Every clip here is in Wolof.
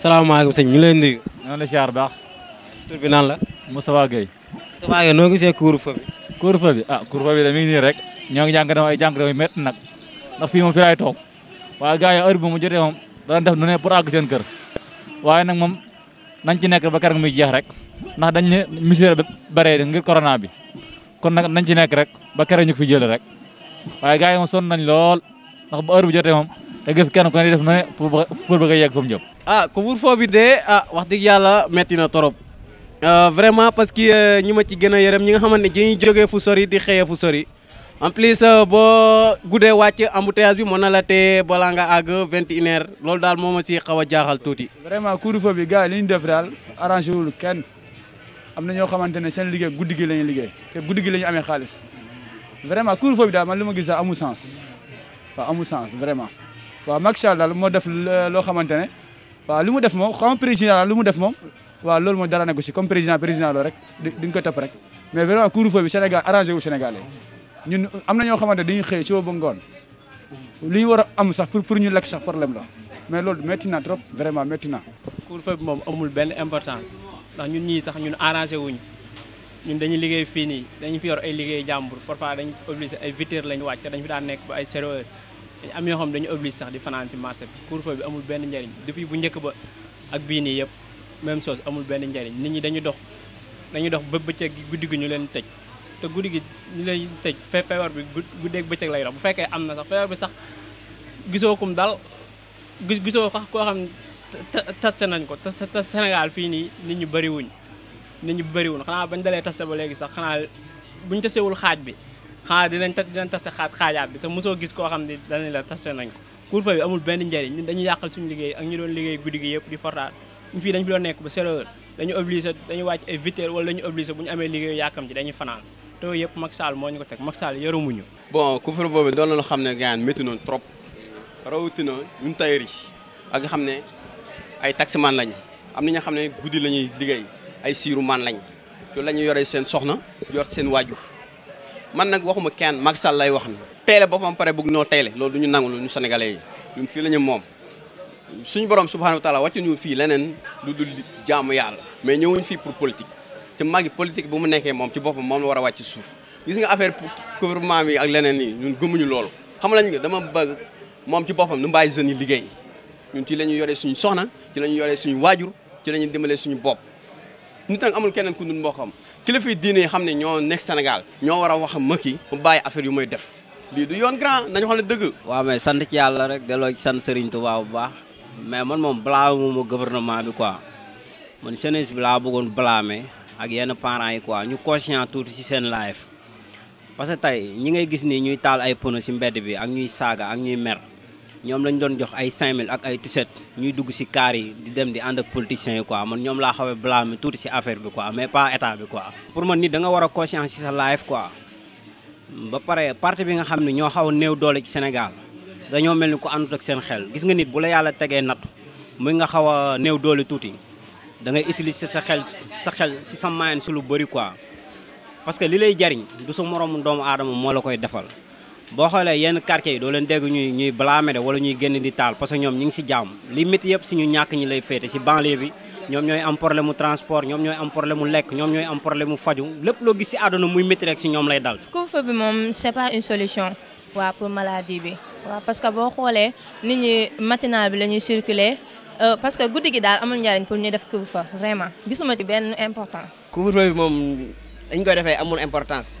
salaamaaleykum sëñ ñu ngi lay nuyu. ñoo la siyaar baax. tur bi la. Moustapha Gueye. Moustapha noo gisee couvre-feu bi. couvre-feu bi ah couvre-feu bi de mi ngi nii rek ñoo ngi jàng dama ay jàng dama métti nag ndax fii moom fi laay toog waaye gars yi heure bi mu jotee moom dana def nu ne pour àgg seen kër waaye nag moom nañ ci nekk ba keroog muy jeex rek ndax dañ ne misère bare ngir corona bi kon nag nañ ci nekk rek ba keroog ñu fi jëlee rek waaye gars yi moom son nañ lool ndax ba heure bi jotee moom te gis kenn ku ne def nu ne pour pour bëgg a ah couvre-feu bi de ah wax dëgg yàlla metti na torop ah, vraiment parce que euh, ñi ma ci gën a yërëm ñi nga xamante ne dañuy jógee fu sori di xëyee fu sori en plus euh, boo guddee wàcc embouteillage bi mën na la tee balaa nga àgg vingt et heures loolu daal moo ma si xaw a jaaxal tuuti. vraiment couvre-feu bi gars yi li ñu def daal arrangé wul kenn am na ñoo xamante ne seen liggéey guddi gi la ñuy liggéey te guddi gi la ñu amee xaalis vraiment couvre-feu bi daal ma li ma gis daal amul sens waaw amul vraiment loo xamante ne. waaw li mu def moom xam président la lu mu def moom waaw loolu mooy dara nekk si comme président président loolu rek di nga ko topp rek mais vraiment couvre-feu bi Sénégal arrangé wu Sénégalais ñun am na ñoo xamante dañuy xëy suba ba ngoon li ñu war a am sax pour pour ñu lekk sax problème la mais loolu métti na trop vraiment métti na. couvre-feu moom amul benn importance ndax ñun ñii sax ñun arrangé wuñu ñun dañuy liggéey fii nii dañu fi yor ay liggéey jàmbur parfois dañu obligé ay 8 heures lañu wàcc dañu daan nekk ba ay 0 am yoo xam dañu oblige sax di fanaan si marché bi couvre-feu bi amul benn njariñ depuis bu njëkk ba ak bii nii yëpp même chose amul benn njariñ nit ñi dañu dox dañu dox ba bëccëg gi guddi gi ñu leen tëj te guddi gi ñu leen tëj feebar bi guddee bëccëg lay dox bu fekkee am na sax feebar bi sax gisoo kum dal gis gisoo sax koo xam testé nañ ko te Sénégal fii nii nit ñu bëriwuñ nit ñu bëriwuñ xanaa bañ dalee testé ba léegi sax xanaa buñ testé wul xaaj bi xanaa dinañ tas dinañ tase xaaj xaajaat bi te mosoo gis koo xam ne danañ la tase nañ ko couvre-feu bi amul benn njëriñ ñun dañu yàqal suñu liggéey ak ñu doon liggéey guddi gi yëpp di fortaat ñu fii dañu fi doon nekk ba zéro heure dañu obligé dañu wàcc ay huit heures wala dañu obligé bu ñu amee liggéey yàkkam ci dañuy fanaan te yëpp Macky Sall moo ñu ko teg Macky Sall yërëmuñu bon couvre-feu boobu doon la loo xam ne gaan métti noonu trop rawatina ñun tailleur yi ak nga xam ne ay taximan lañ am na ñoo xam ne guddi la ñuy liggéey ay siiru man lañ loolu la ñuy yoree seen soxna yor seen waaju man nag waxuma kenn mag Sall lay wax na teyle boppam pare bëgg noo teyle loolu du ñu nangu ñu sénégalais ñun fii la moom suñu borom subhanahu wa taala wàccu ñu fii leneen lu dul jaamu yàlla mais ñëwuñ fii pour politique te magi politique bu mu nekkee moom ci boppam moom la war a wàcc suuf gis nga affaire gouvernement bi ak leneen yi ñun gëmuñu loolu xam lañ nga dama bëgg moom ci boppam nu bàyyi jeunes yi liggéey ñun ci la ñu yoree suñu soxna ci la ñu yoree suñu waajur ci la ñu dimbalee suñu bopp nit ak amul keneen ku dul mbokkam kilifa yi diine xam ne ñoo nekk Sénégal ñoo war a wax mëkki mu bàyyi affaire yu muy def lii du yoon grand nañu xam ne dëgg. waaw mais sant ci yàlla rek delloo ci sant Serigne Touba bu baax mais man moom blâme ma gouvernement bi quoi man jeunesse bi laa bëggoon blâmer ak yenn parent yi quoi ñu conscient tuuti si seen life parce que tey ñi ngay gis nii ñuy taal ay pneu si mbedd bi ak ñuy saaga ak ñuy mer. ñoom lañ doon jox ay 5000 ak ay t-shirt ñuy dugg si kaar yi di dem di ànd ak politiciens yi quoi man ñoom laa xaw a blâmer tuuti si affaire bi quoi mais pas état bi quoi. pour man nit da nga war a conscience si sa life quoi ba pare parti bi nga xam ne ñoo xaw a néew doole ci Sénégal dañoo mel ni ku àndut ak seen xel gis nga nit bu la yàlla tegee nattu muy nga xaw a néew doole tuuti da ngay utiliser sa xel sa xel si sa moyen si lu bëri quoi parce que li lay jariñ du sa moroomu doomu aadama moo la koy defal. boo xoolee yenn quartier yi doo leen dégg ñuy ñuy blâmer de wala ñuy génn di taal parce que ñoom ñu ngi si jàmm li métti yëpp si ñu ñàkk ñi lay féete si banlieue bi ñoom ñooy am problème mu transport ñoom ñooy am problème mu lekk ñoom ñooy am problème mu faju lépp loo gis si àdduna muy métti rek si ñoom lay dal. couvre-feu bi moom c'est pas une solution. waaw pour maladie bi. waaw parce que boo xoolee nit ñi matinal bi la ñuy circuler euh, parce que guddi gi daal amul njariñ pour ñu def couvre-feu vraiment gisuma ci benn importance. couvre-feu bi moom dañ koy defee amul importance.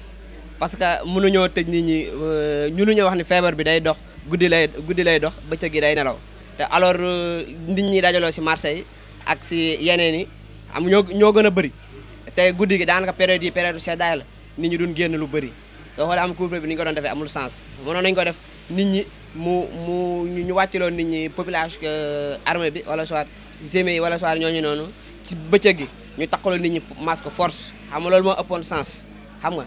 parce que mënuñoo tëj nit ñi ñunuñu euh, wax ni feebar bi day dox guddi lay guddi lay dox bëccëg yi day nelaw te alors euh, nit ñi dajaloo si marché yi ak si yeneen yi am ñoo ñoo gën a bëri te guddi gi daanaka période yi période seddaay la nit ñi duñ génn lu bëri doo xoolee am couvre bi ni ñu ko doon defee amul sens mënoon nañu ko def nit ñi mu mu ñu wàcciloo nit ñi population euh, armée bi wala soit gémé yi wala soit ñooñu noonu ci bëccëg gi ñu takkaloo nit ñi masque force xam nga loolu moo ëppoon sens xam nga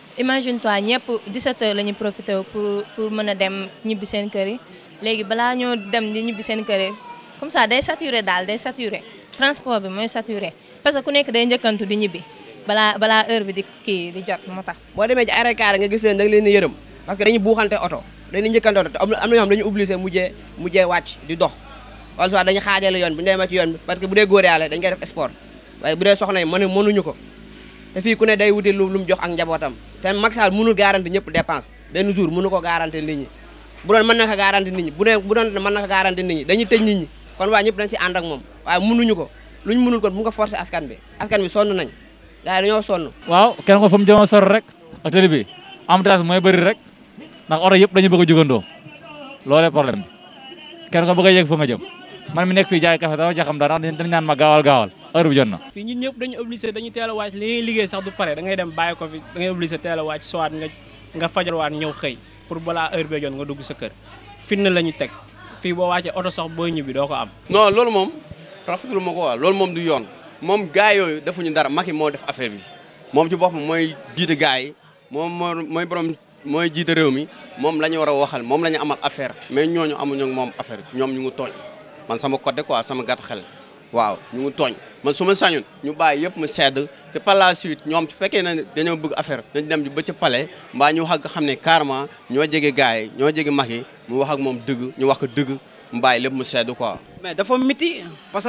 imagine toi ñëpp 17h la ñu profité pour pour mën a dem ñibbi seen kër yi léegi balaa ñoo dem di ñibbi seen kër yi comme ça day saturé daal day saturé transport bi mooy saturé parce que ku nekk day njëkkantu di ñibbi balaa balaa heure bi di kii di jot moo tax. boo demee ci aéroport nga gis leen da nga leen di yërëm parce que dañuy buuxante oto dañuy njëkkante oto am na ñoo xam dañu obligé mujjee di dox wala soit dañu xaajale yoon bi ñu demee yoon bi parce que bu dee góor yàlla dañ koy def sport waaye bu dee soxna mënuñu ko. te fii ku ne day wuti lu mu jox ak njabootam seen Macky Sall mënul garanti ñëpp dépense benn jour mënu ko garanti nit ñi bu doon mën na ko garanti nit ñi bu ne ko tëj nit kon waa ñëpp dañ si ànd ak moom waaye mënuñu ko luñ mënul kon bu nga forcé askan bi askan bi sonn nañ gars yi dañoo sonn waaw kenn ko fa mu jëmoon sor rek ak télé bi embouteillage mooy bëri rek ndax oto yëpp dañu bëgg a jugandoo loolee problème bi kenn ko bu a yegg fa nga jëm man mi nekk fi jaay café dama ci xam dara dañ naan ma gaawal gaawal heure bu jot na fii ñun ñëpp dañu obligé dañu teel a wàcc li ngay liggéey sax du pare da dem bàyyi ko fi da ngay obligé teel a wàcc sowaat nga nga fajarwaat ñëw xëy pour balaa heure bee jot nga dugg sa kër fitna la ñu teg fii boo wàccee oto sax boo ñibbi doo ko am non loolu moom rafetlu ma ko waa loolu moom du yoon moom gaay yooyu defuñu dara Macky moo def affaire bi moom ci boppam mooy jiite gaay yi moom mooy borom mooy jiite réew mi moom la ñu war a waxal moom la am ak affaire mais ñooñu amuñu ak moom affaire ñoom ñu ngi tooñ man sama ko quoi sama gat xel waaw ñu ngi tooñ man suma ma ñu bàyyi yëpp mu sedd te par la suite ñoom su fekkee ne dañoo bëgg affaire nañ dem ba ci pale mbaa ñu wax ak xam ne carrément ñoo jege gars yi ñoo jege mag yi mu wax ak moom dëgg ñu wax ko dëgg mu bàyyi lépp mu sedd quoi. mais dafa miti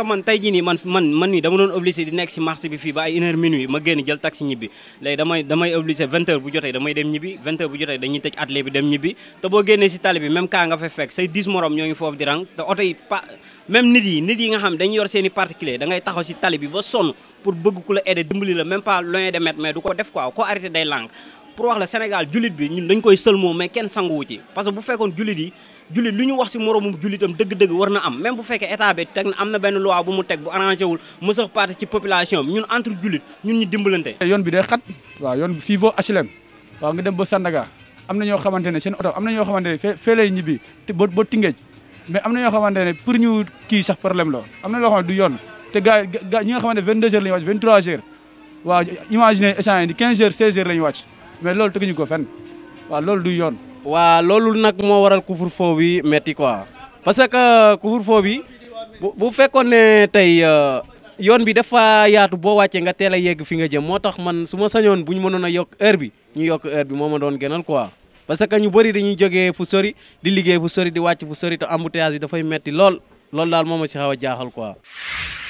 man tey jii nii man man nii dama doon obligé di nekk si marché bi fii ba ay une heure minuit ma génn jël taxi ñibbi léegi damay damay obligé vingt bu jotee damay dem ñibbi vingt bu jotee dañuy tëj atelier bi dem ñibbi te boo génnee si tali bi même kaa nga fekk say dix morom ñoo ngi foofu di rang te oto yi pa même nit yi nit yi nga xam dañuy yor seen i particulier da taxaw si tali bi ba sonn pour bëgg ku la aider jullit lu ñu wax si moromum jullitam dëgg-dëgg war na am même bu fekkee état bi teg na am na benn loi bu mu teg bu arrangé wul mu sax ci population bi entre jullit ñun ñu dimbalante. yoon bi day xat waaw yoon bi fii ba HLM waaw nga dem ba Sandaga am na ñoo xamante ne seen oto am na ñoo xamante ne fee fee lay ñibbi ba ba Tingéej mais am na ñoo xamante ne pour ñu kii sax problème lo am na loo xamante du yoon te ga yi ñi nga xamante ne 22h la ñu wàcc 23h waaw ñu wàcc mais loolu teguñu ko fenn waaw loolu du yoon waa loolu nag moo waral couvre-feu bi metti quoi parce que couvre-feu bi bu fekkoon ne tey euh, yoon bi dafa yaatu boo wàccee nga teel a yegg fi nga jëm moo tax man su ma sañoon bu ñu mënoon a yokk heure bi ñu yokk heure bi moo ma doon gënal quoi parce que ñu bëri dañuy jógee fu sori di liggéey fu sori di wàcc fu sori te embouteillage bi dafay metti lool loolu daal moo ma si xaw a jaaxal quoi.